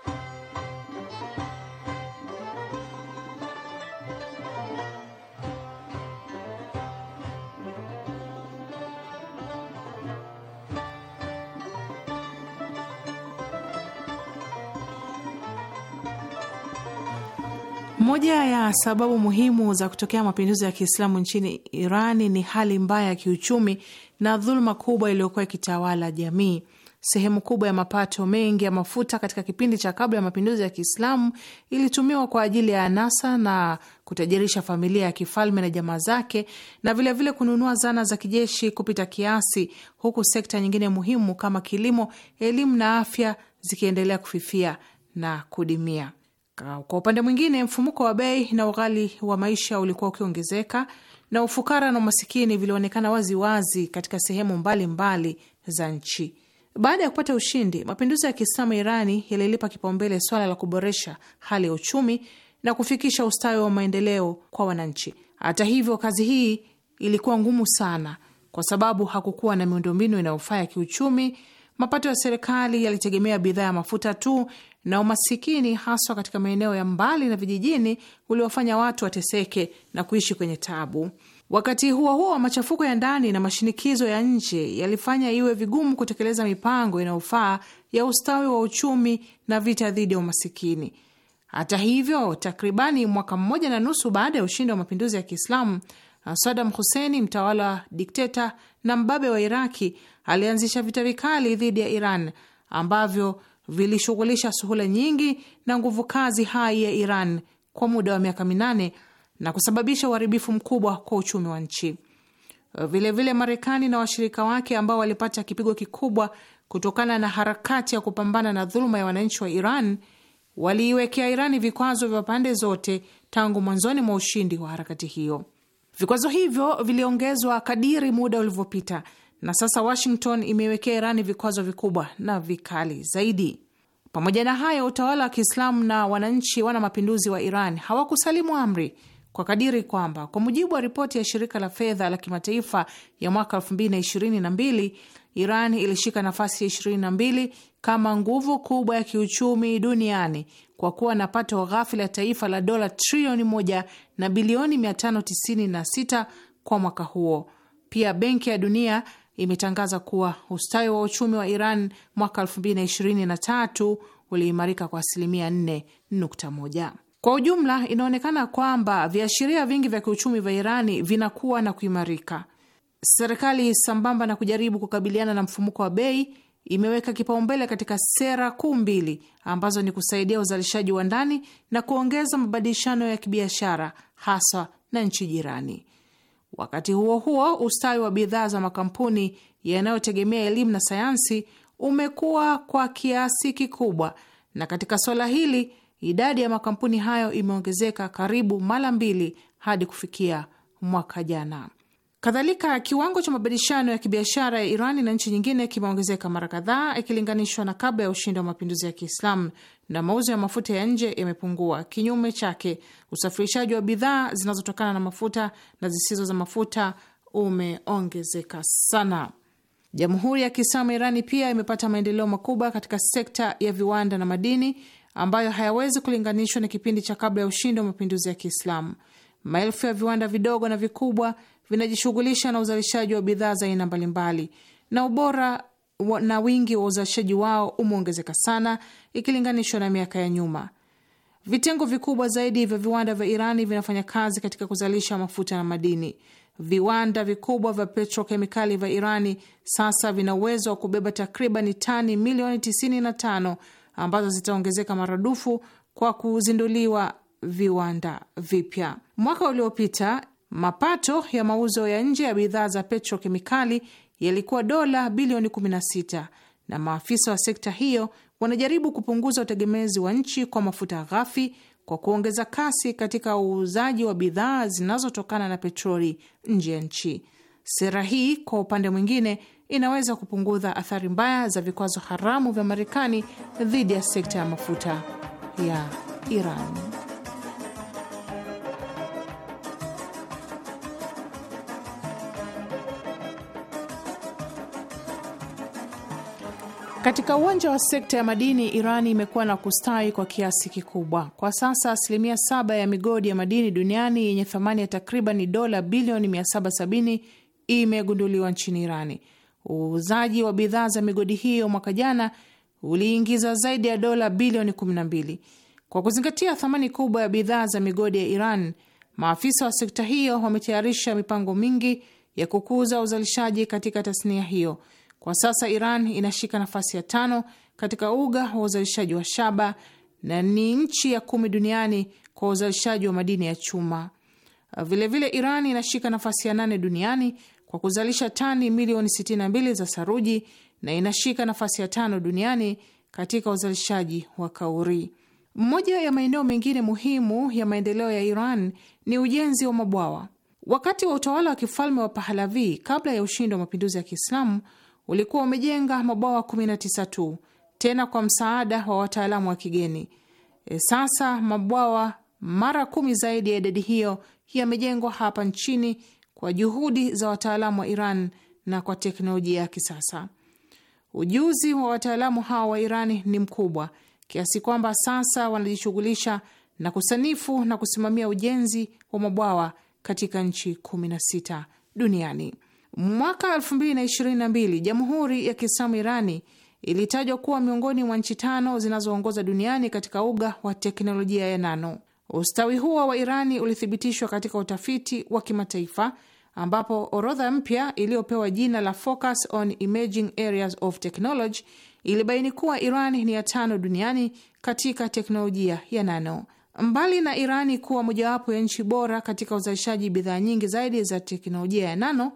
Moja ya sababu muhimu za kutokea mapinduzi ya Kiislamu nchini Irani ni hali mbaya ya kiuchumi na dhuluma kubwa iliyokuwa ikitawala jamii. Sehemu kubwa ya mapato mengi ya mafuta katika kipindi cha kabla ya mapinduzi ya Kiislamu ilitumiwa kwa ajili ya anasa na kutajirisha familia ya kifalme na jamaa zake, na vilevile vile kununua zana za kijeshi kupita kiasi, huku sekta nyingine muhimu kama kilimo, elimu na afya zikiendelea kufifia na kudimia. Kwa upande mwingine, mfumuko wa bei na ughali wa maisha ulikuwa ukiongezeka na ufukara na umasikini vilionekana waziwazi katika sehemu mbalimbali mbali za nchi. Baada ya kupata ushindi, mapinduzi ya Kiislamu Irani yalilipa kipaumbele swala la kuboresha hali ya uchumi na kufikisha ustawi wa maendeleo kwa wananchi. Hata hivyo, kazi hii ilikuwa ngumu sana, kwa sababu hakukuwa na miundombinu inayofaa ya kiuchumi Mapato ya serikali yalitegemea bidhaa ya mafuta tu, na umasikini haswa katika maeneo ya mbali na vijijini uliwafanya watu wateseke na kuishi kwenye tabu. Wakati huo huo, machafuko ya ndani na mashinikizo ya nje yalifanya iwe vigumu kutekeleza mipango inayofaa ya ustawi wa uchumi na vita dhidi ya umasikini. Hata hivyo, takribani mwaka mmoja na nusu baada ya ushindi wa mapinduzi ya Kiislamu, sadam huseni mtawala dikteta na mbabe wa Iraki, alianzisha vita vikali dhidi ya Iran ambavyo vilishughulisha suhula nyingi na nguvu kazi hai ya Iran kwa muda wa miaka minane na kusababisha uharibifu mkubwa kwa uchumi wa nchi. Vilevile, Marekani na washirika wake ambao walipata kipigo kikubwa kutokana na harakati ya kupambana na dhuluma ya wananchi wa Iran waliiwekea Irani vikwazo vya pande zote tangu mwanzoni mwa ushindi wa harakati hiyo. Vikwazo hivyo viliongezwa kadiri muda ulivyopita na sasa Washington imewekea Irani vikwazo vikubwa na vikali zaidi. Pamoja na hayo, utawala wa Kiislamu na wananchi wana mapinduzi wa Iran hawakusalimu amri kwa kadiri kwamba kwa mujibu wa ripoti ya shirika la fedha la kimataifa ya mwaka 2022 Iran ilishika nafasi ya 22 kama nguvu kubwa ya kiuchumi duniani kwa kuwa na pato ghafi la taifa la dola trilioni moja na bilioni 596 kwa mwaka huo. Pia Benki ya Dunia imetangaza kuwa ustawi wa uchumi wa Iran mwaka 2023 uliimarika kwa asilimia 4.1. Kwa ujumla, inaonekana kwamba viashiria vingi vya kiuchumi vya Irani vinakuwa na kuimarika. Serikali sambamba na kujaribu kukabiliana na mfumuko wa bei imeweka kipaumbele katika sera kuu mbili ambazo ni kusaidia uzalishaji wa ndani na kuongeza mabadilishano ya kibiashara, haswa na nchi jirani. Wakati huo huo, ustawi wa bidhaa za makampuni yanayotegemea elimu na sayansi umekuwa kwa kiasi kikubwa, na katika suala hili idadi ya makampuni hayo imeongezeka karibu mara mbili hadi kufikia mwaka jana. Kadhalika, kiwango cha mabadilishano ya kibiashara ya Iran na nchi nyingine kimeongezeka mara kadhaa ikilinganishwa na kabla ya ushindi wa mapinduzi ya Kiislamu, na mauzo ya mafuta ya nje yamepungua. Kinyume chake, usafirishaji wa bidhaa zinazotokana na mafuta na zisizo za mafuta umeongezeka sana. Jamhuri ya Kiislamu Irani pia imepata maendeleo makubwa katika sekta ya viwanda na madini ambayo hayawezi kulinganishwa na kipindi cha kabla ya ushindi wa mapinduzi ya Kiislamu. Maelfu ya viwanda vidogo na vikubwa vinajishughulisha na uzalishaji wa bidhaa za aina mbalimbali na ubora wa, na wingi wa uzalishaji wao umeongezeka sana ikilinganishwa na miaka ya nyuma. Vitengo vikubwa zaidi vya viwanda vya Irani vinafanya kazi katika kuzalisha mafuta na madini. Viwanda vikubwa vya petrokemikali vya Irani sasa vina uwezo wa kubeba takriban tani milioni 95 ambazo zitaongezeka maradufu kwa kuzinduliwa viwanda vipya. Mwaka uliopita Mapato ya mauzo ya nje ya bidhaa za petrokemikali yalikuwa dola bilioni 16 na maafisa wa sekta hiyo wanajaribu kupunguza utegemezi wa nchi kwa mafuta ghafi kwa kuongeza kasi katika uuzaji wa bidhaa zinazotokana na petroli nje ya nchi. Sera hii kwa upande mwingine inaweza kupunguza athari mbaya za vikwazo haramu vya Marekani dhidi ya sekta ya mafuta ya Iran. Katika uwanja wa sekta ya madini, Irani imekuwa na kustawi kwa kiasi kikubwa. Kwa sasa asilimia saba ya migodi ya madini duniani yenye thamani ya takriban dola bilioni 770 imegunduliwa nchini Irani. Uuzaji wa bidhaa za migodi hiyo mwaka jana uliingiza zaidi ya dola bilioni 12. Kwa kuzingatia thamani kubwa ya bidhaa za migodi ya Iran, maafisa wa sekta hiyo wametayarisha mipango mingi ya kukuza uzalishaji katika tasnia hiyo. Kwa sasa Iran inashika nafasi ya tano katika uga wa uzalishaji wa shaba na ni nchi ya kumi duniani kwa uzalishaji wa madini ya chuma. Vilevile vile Iran inashika nafasi ya nane duniani kwa kuzalisha tani milioni 62 za saruji na inashika nafasi ya tano duniani katika uzalishaji wa kauri. mmoja ya maeneo mengine muhimu ya maendeleo ya Iran ni ujenzi wa mabwawa. Wakati wa utawala wa kifalme wa Pahalavi, kabla ya ushindi wa mapinduzi ya Kiislamu, ulikuwa umejenga mabwawa 19 tu, tena kwa msaada wa wataalamu wa kigeni. E, sasa mabwawa mara kumi zaidi ya idadi hiyo yamejengwa hapa nchini kwa juhudi za wataalamu wa Iran na kwa teknolojia ya kisasa. Ujuzi wa wataalamu hawa wa Iran ni mkubwa kiasi kwamba sasa wanajishughulisha na kusanifu na kusimamia ujenzi wa mabwawa katika nchi sita duniani. Mwaka 2022 Jamhuri ya Kiislamu Irani ilitajwa kuwa miongoni mwa nchi tano zinazoongoza duniani katika uga wa teknolojia ya nano. Ustawi huo wa Irani ulithibitishwa katika utafiti wa kimataifa ambapo orodha mpya iliyopewa jina la Focus on Emerging Areas of Technology ilibaini kuwa iran ni ya tano duniani katika teknolojia ya nano. Mbali na Irani kuwa mojawapo ya nchi bora katika uzalishaji bidhaa nyingi zaidi za teknolojia ya nano,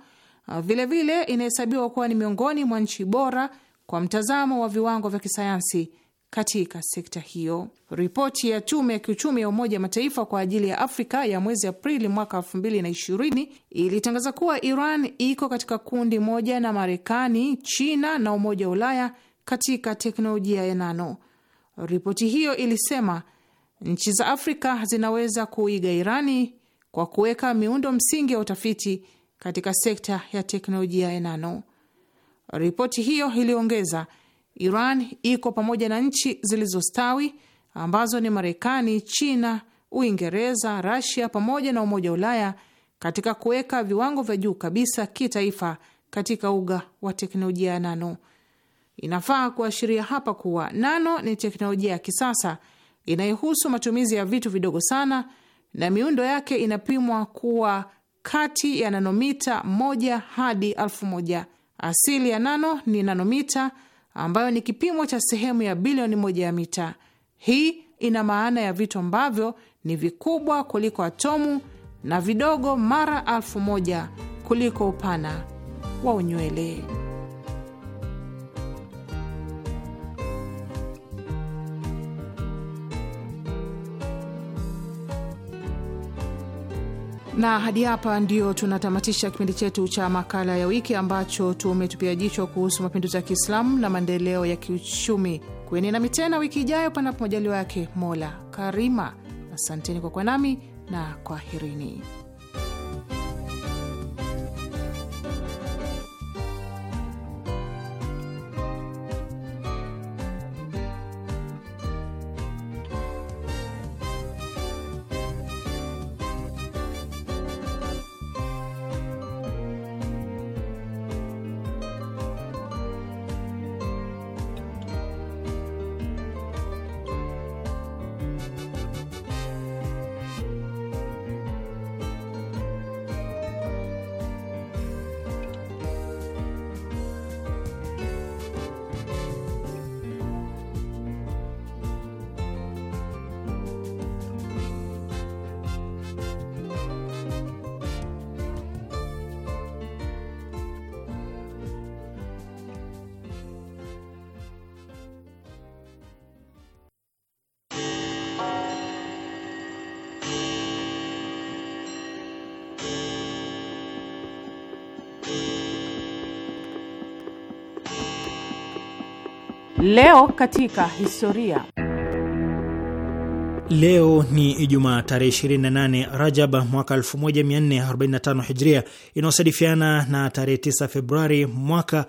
Vilevile ah, inahesabiwa kuwa ni miongoni mwa nchi bora kwa mtazamo wa viwango vya kisayansi katika sekta hiyo. Ripoti ya tume ya kiuchumi ya Umoja Mataifa kwa ajili ya Afrika ya mwezi Aprili mwaka 2020 ilitangaza kuwa Iran iko katika kundi moja na Marekani, China na Umoja wa Ulaya katika teknolojia ya nano. Ripoti hiyo ilisema nchi za Afrika zinaweza kuiga Irani kwa kuweka miundo msingi ya utafiti katika sekta ya teknolojia ya nano. Ripoti hiyo iliongeza, Iran iko pamoja na nchi zilizostawi ambazo ni Marekani, China, Uingereza, Rasia pamoja na Umoja wa Ulaya katika kuweka viwango vya juu kabisa kitaifa katika uga wa teknolojia ya nano. Inafaa kuashiria hapa kuwa nano ni teknolojia ya kisasa inayohusu matumizi ya vitu vidogo sana na miundo yake inapimwa kuwa kati ya nanomita moja hadi alfu moja. Asili ya nano ni nanomita ambayo ni kipimo cha sehemu ya bilioni moja ya mita. Hii ina maana ya vitu ambavyo ni vikubwa kuliko atomu na vidogo mara alfu moja kuliko upana wa unywele. na hadi hapa ndio tunatamatisha kipindi chetu cha makala ya wiki ambacho tumetupia jicho kuhusu mapinduzi ya Kiislamu na maendeleo ya kiuchumi. Kuweni nami tena wiki ijayo, panapo majaliwa yake Mola Karima. Asanteni kwa kwa nami na kwaherini. Leo katika historia. Leo ni Ijumaa tarehe 28 Rajab mwaka 1445 Hijria, inayosadifiana na tarehe 9 Februari mwaka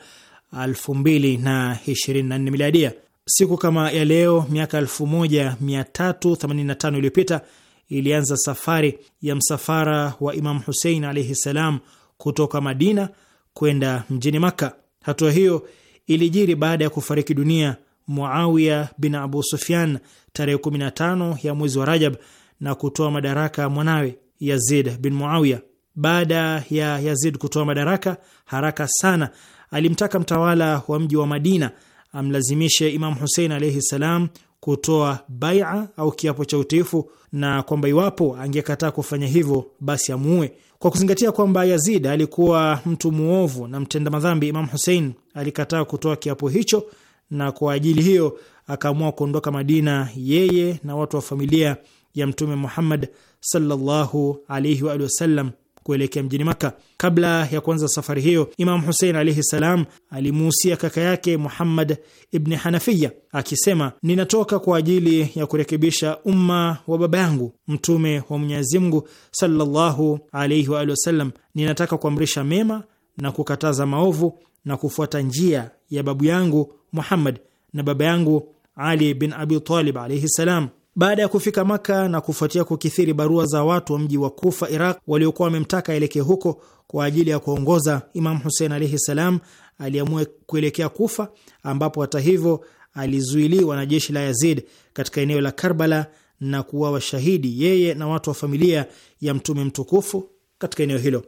2024 Miladia. Siku kama ya leo miaka 1385 iliyopita ilianza safari ya msafara wa Imam Husein alaihi salam kutoka Madina kwenda mjini Makka. Hatua hiyo ilijiri baada ya kufariki dunia Muawiya bin Abu Sufyan tarehe 15 ya mwezi wa Rajab na kutoa madaraka mwanawe Yazid bin Muawiya. Baada ya Yazid kutoa madaraka haraka sana, alimtaka mtawala wa mji wa Madina amlazimishe Imam Husein alaihi ssalam kutoa baia au kiapo cha utiifu, na kwamba iwapo angekataa kufanya hivyo basi amuue. Kwa kuzingatia kwamba Yazid alikuwa mtu mwovu na mtenda madhambi, Imam Husein alikataa kutoa kiapo hicho, na kwa ajili hiyo akaamua kuondoka Madina, yeye na watu wa familia ya Mtume Muhammad sallallahu alaihi wa alihi wasallam kuelekea mjini Maka. Kabla ya kuanza safari hiyo, Imam Husein alaihi salam alimuhusia kaka yake Muhammad ibni Hanafiya akisema, ninatoka kwa ajili ya kurekebisha umma wa baba yangu Mtume wa Mwenyezi Mungu sallallahu alaihi waalihi wasallam. Ninataka kuamrisha mema na kukataza maovu na kufuata njia ya babu yangu Muhammad na baba yangu Ali bin Abi Talib alaihi salam. Baada ya kufika Maka na kufuatia kukithiri barua za watu wa mji wa Kufa, Iraq, waliokuwa wamemtaka aelekee huko kwa ajili ya kuongoza, Imam Husein alaihi salam aliamua kuelekea Kufa, ambapo hata hivyo alizuiliwa na jeshi la Yazid katika eneo la Karbala na kuwa washahidi yeye na watu wa familia ya Mtume mtukufu katika eneo hilo.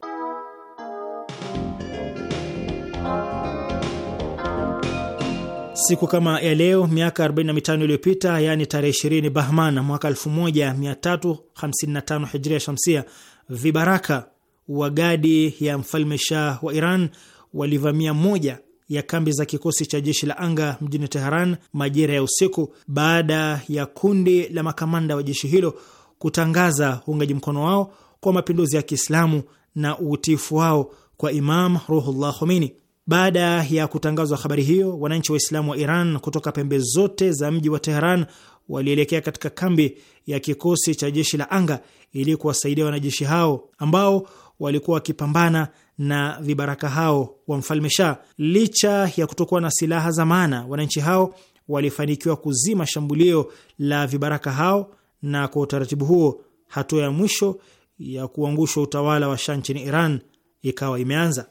Siku kama ya leo miaka 45 iliyopita, yaani tarehe 20 Bahman mwaka 1355 Hijria Shamsia, vibaraka wa gadi ya mfalme Shah wa Iran walivamia moja ya kambi za kikosi cha jeshi la anga mjini Teheran majira ya usiku baada ya kundi la makamanda wa jeshi hilo kutangaza uungaji mkono wao kwa mapinduzi ya Kiislamu na uutifu wao kwa Imam Ruhullah Khomeini. Baada ya kutangazwa habari hiyo, wananchi Waislamu wa Iran kutoka pembe zote za mji wa Teheran walielekea katika kambi ya kikosi cha jeshi la anga ili kuwasaidia wanajeshi hao ambao walikuwa wakipambana na vibaraka hao wa mfalme Shah. Licha ya kutokuwa na silaha za maana, wananchi hao walifanikiwa kuzima shambulio la vibaraka hao, na kwa utaratibu huo hatua ya mwisho ya kuangushwa utawala wa Shah nchini Iran ikawa imeanza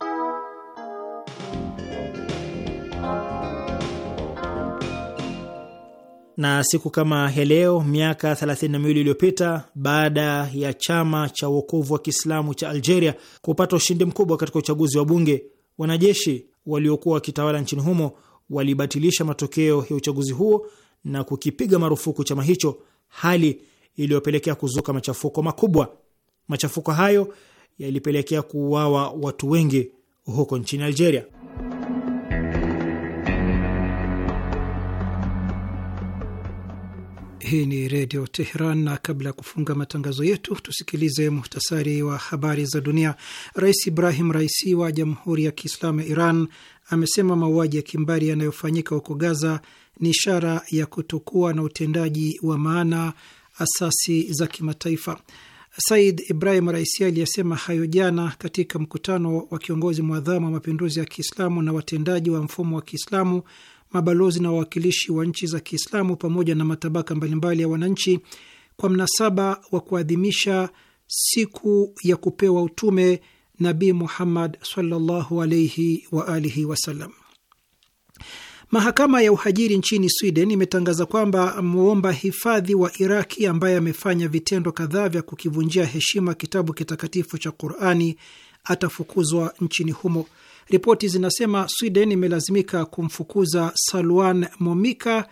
na siku kama ya leo miaka 32 iliyopita, baada ya chama cha uokovu wa Kiislamu cha Algeria kupata ushindi mkubwa katika uchaguzi wa bunge, wanajeshi waliokuwa wakitawala nchini humo walibatilisha matokeo ya uchaguzi huo na kukipiga marufuku chama hicho, hali iliyopelekea kuzuka machafuko makubwa. Machafuko hayo yalipelekea kuuawa watu wengi huko nchini Algeria. Hii ni Redio Teheran, na kabla ya kufunga matangazo yetu tusikilize muhtasari wa habari za dunia. Rais Ibrahim Raisi wa Jamhuri ya Kiislamu ya Iran amesema mauaji ya kimbari yanayofanyika huko Gaza ni ishara ya kutokuwa na utendaji wa maana asasi za kimataifa. Said Ibrahim Raisi aliyesema hayo jana katika mkutano wa kiongozi mwadhamu wa mapinduzi ya Kiislamu na watendaji wa mfumo wa Kiislamu mabalozi na wawakilishi wa nchi za Kiislamu pamoja na matabaka mbalimbali ya wananchi kwa mnasaba wa kuadhimisha siku ya kupewa utume Nabii Muhammad sallallahu alaihi wa alihi wasallam. Mahakama ya uhajiri nchini Sweden imetangaza kwamba mwomba hifadhi wa Iraki ambaye amefanya vitendo kadhaa vya kukivunjia heshima kitabu kitakatifu cha Qurani atafukuzwa nchini humo. Ripoti zinasema Sweden imelazimika kumfukuza Salwan Momika,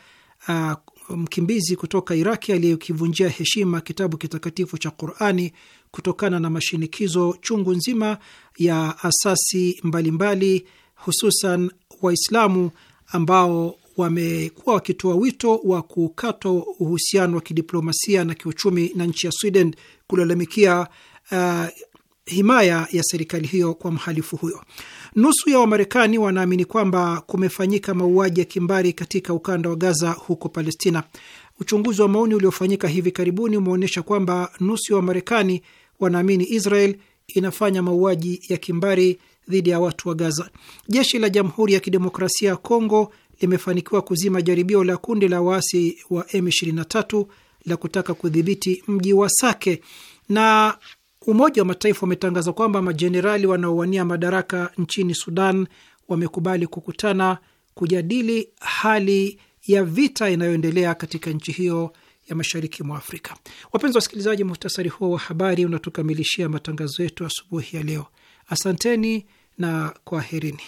uh, mkimbizi kutoka Iraki aliyekivunjia heshima kitabu kitakatifu cha Qurani kutokana na mashinikizo chungu nzima ya asasi mbalimbali hususan Waislamu ambao wamekuwa wakitoa wito wa kukatwa uhusiano wa kidiplomasia na kiuchumi na nchi ya Sweden kulalamikia uh, himaya ya serikali hiyo kwa mhalifu huyo. Nusu ya Wamarekani wanaamini kwamba kumefanyika mauaji ya kimbari katika ukanda wa Gaza huko Palestina. Uchunguzi wa maoni uliofanyika hivi karibuni umeonyesha kwamba nusu ya Wamarekani wanaamini Israel inafanya mauaji ya kimbari dhidi ya watu wa Gaza. Jeshi la Jamhuri ya Kidemokrasia ya Kongo limefanikiwa kuzima jaribio la kundi la waasi wa M23 la kutaka kudhibiti mji wa Sake na Umoja wa Mataifa umetangaza kwamba majenerali wanaowania madaraka nchini Sudan wamekubali kukutana kujadili hali ya vita inayoendelea katika nchi hiyo ya mashariki mwa Afrika. Wapenzi wasikilizaji, muhtasari huo wa habari unatukamilishia matangazo yetu asubuhi ya leo. Asanteni na kwaherini.